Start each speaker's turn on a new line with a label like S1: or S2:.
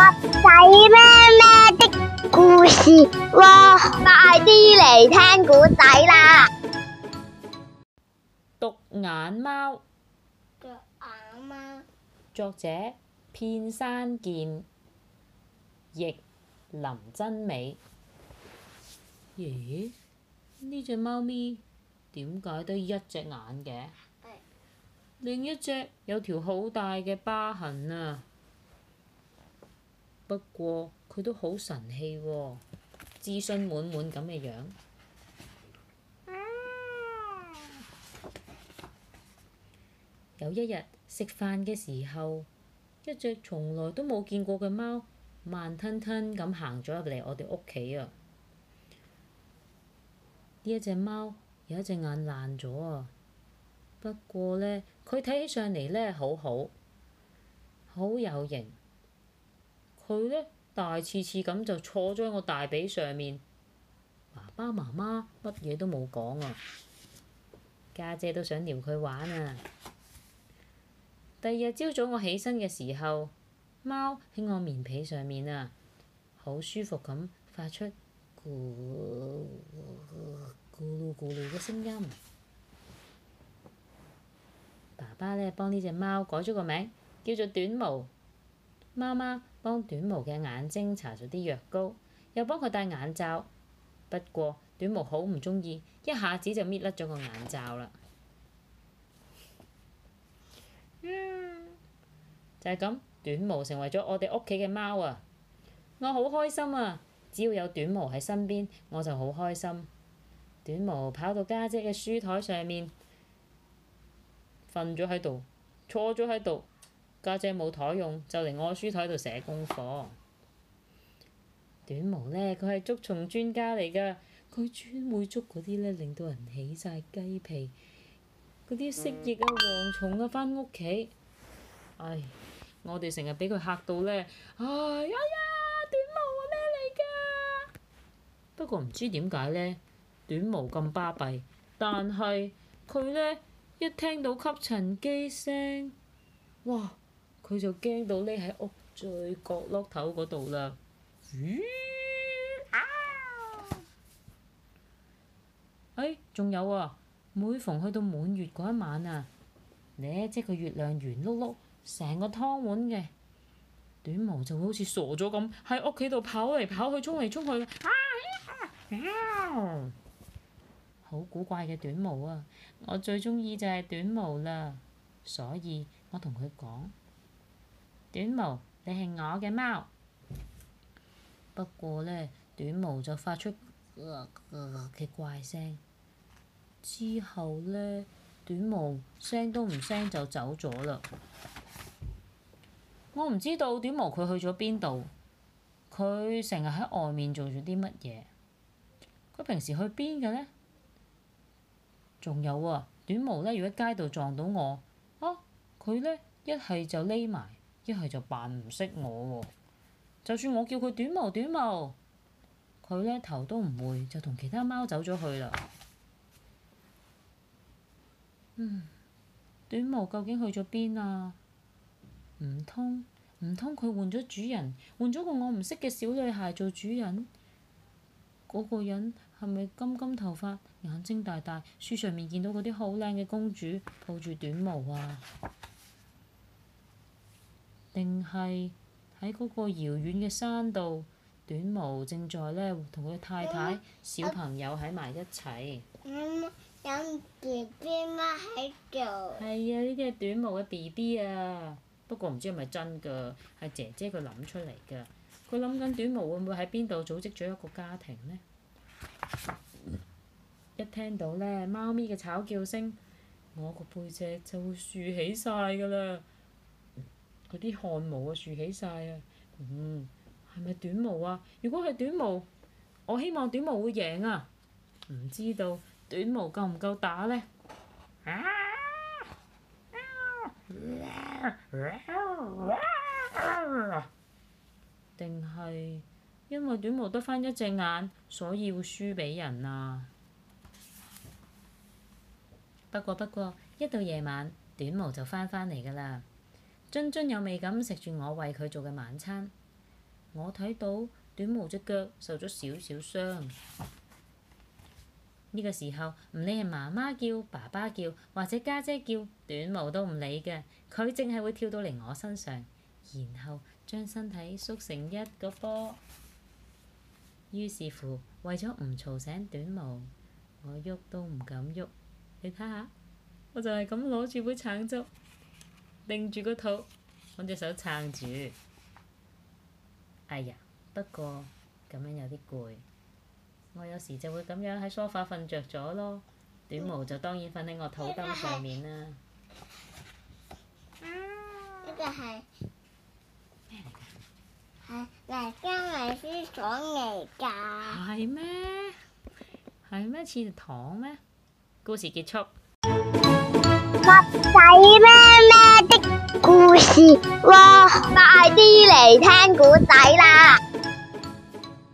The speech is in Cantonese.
S1: 仔咩咩的故事喎，快啲嚟聽古仔啦！獨眼貓，作者片山健，譯林真美。咦？呢隻貓咪點解得一隻眼嘅？另一隻有條好大嘅疤痕啊！不過佢都好神氣喎、哦，自信滿滿咁嘅樣。嗯、有一日食飯嘅時候，一隻從來都冇見過嘅貓，慢吞吞咁行咗入嚟我哋屋企啊！呢一隻貓有一隻眼爛咗啊！不過呢，佢睇起上嚟呢，好好，好有型。佢呢大係次次咁就坐咗喺我大髀上面。爸爸媽媽乜嘢都冇講啊！家姐，姐都想撩佢玩啊！第二日朝早我起身嘅時候，貓喺我棉被上面啊，好舒服咁發出咕嚕咕嚕嘅聲音。爸爸呢，幫呢隻貓改咗個名，叫做短毛。媽媽幫短毛嘅眼睛搽咗啲藥膏，又幫佢戴眼罩。不過短毛好唔中意，一下子就搣甩咗個眼罩啦。嗯，就係咁，短毛成為咗我哋屋企嘅貓啊！我好開心啊！只要有短毛喺身邊，我就好開心。短毛跑到家姐嘅書枱上面，瞓咗喺度，坐咗喺度。家姐冇台用，就嚟我書台度寫功課。短毛呢，佢係捉蟲專家嚟㗎。佢專會捉嗰啲呢，令到人起晒雞皮，嗰啲蜥蜴啊、蝗蟲啊，翻屋企。唉，我哋成日俾佢嚇到呢。唉呀呀！短毛啊，咩嚟㗎？不過唔知點解呢，短毛咁巴閉，但係佢呢一聽到吸塵機聲，哇！佢就驚到匿喺屋最角落頭嗰度啦。咦？啊！誒，仲有啊！每逢去到滿月嗰一晚啊，呢即係個月亮圓碌碌，成個湯碗嘅短毛就會好似傻咗咁，喺屋企度跑嚟跑去、衝嚟衝去。啊！喵！好古怪嘅短毛啊！我最中意就係短毛啦，所以我同佢講。短毛，你係我嘅貓。不過呢，短毛就發出嘅、呃呃、怪聲。之後呢，短毛聲都唔聲就走咗啦。我唔知道短毛佢去咗邊度。佢成日喺外面做咗啲乜嘢？佢平時去邊嘅呢？仲有啊，短毛呢，如果喺街度撞到我，啊，佢呢，一係就匿埋。一係就扮唔識我喎，就算我叫佢短毛短毛，佢呢頭都唔會，就同其他貓走咗去啦。嗯，短毛究竟去咗邊啊？唔通唔通佢換咗主人，換咗個我唔識嘅小女孩做主人？嗰個人係咪金金頭髮、眼睛大大，書上面見到嗰啲好靚嘅公主抱住短毛啊？定係喺嗰個遙遠嘅山度，短毛正在呢同佢太太、小朋友喺埋一齊。有 B B 貓喺度。係、嗯嗯、啊，呢啲係短毛嘅 B B 啊，But, 不過唔知係咪真㗎，係姐姐佢諗出嚟㗎。佢諗緊短毛會唔會喺邊度組織咗一個家庭呢？一聽到呢，貓咪嘅吵叫聲，我個背脊就會豎起晒㗎啦～嗰啲汗毛啊，豎起晒啊！嗯，係咪短毛啊？如果係短毛，我希望短毛會贏啊！唔知道短毛夠唔夠打呢？啊！定係因為短毛得翻一隻眼，所以會輸俾人啊！不過不過，一到夜晚，短毛就返返嚟㗎啦～津津有味咁食住我為佢做嘅晚餐，我睇到短毛隻腳受咗少少傷。呢個時候，唔理係媽媽叫、爸爸叫或者家姐叫，短毛都唔理嘅，佢淨係會跳到嚟我身上，然後將身體縮成一個波。於是乎，為咗唔嘈醒短毛，我喐都唔敢喐。你睇下，我就係咁攞住杯橙汁。定住個肚，搵隻手撐住。哎呀，不過咁樣有啲攰。我有時就會咁樣喺梳化瞓着咗咯。短毛就當然瞓喺我肚兜上面啦。呢個係咩嚟㗎？係維生素嚟㗎。係咩？係咩似糖咩？故事結束。襪仔咩咩的故事喎，哇哇快啲嚟聽故事啦！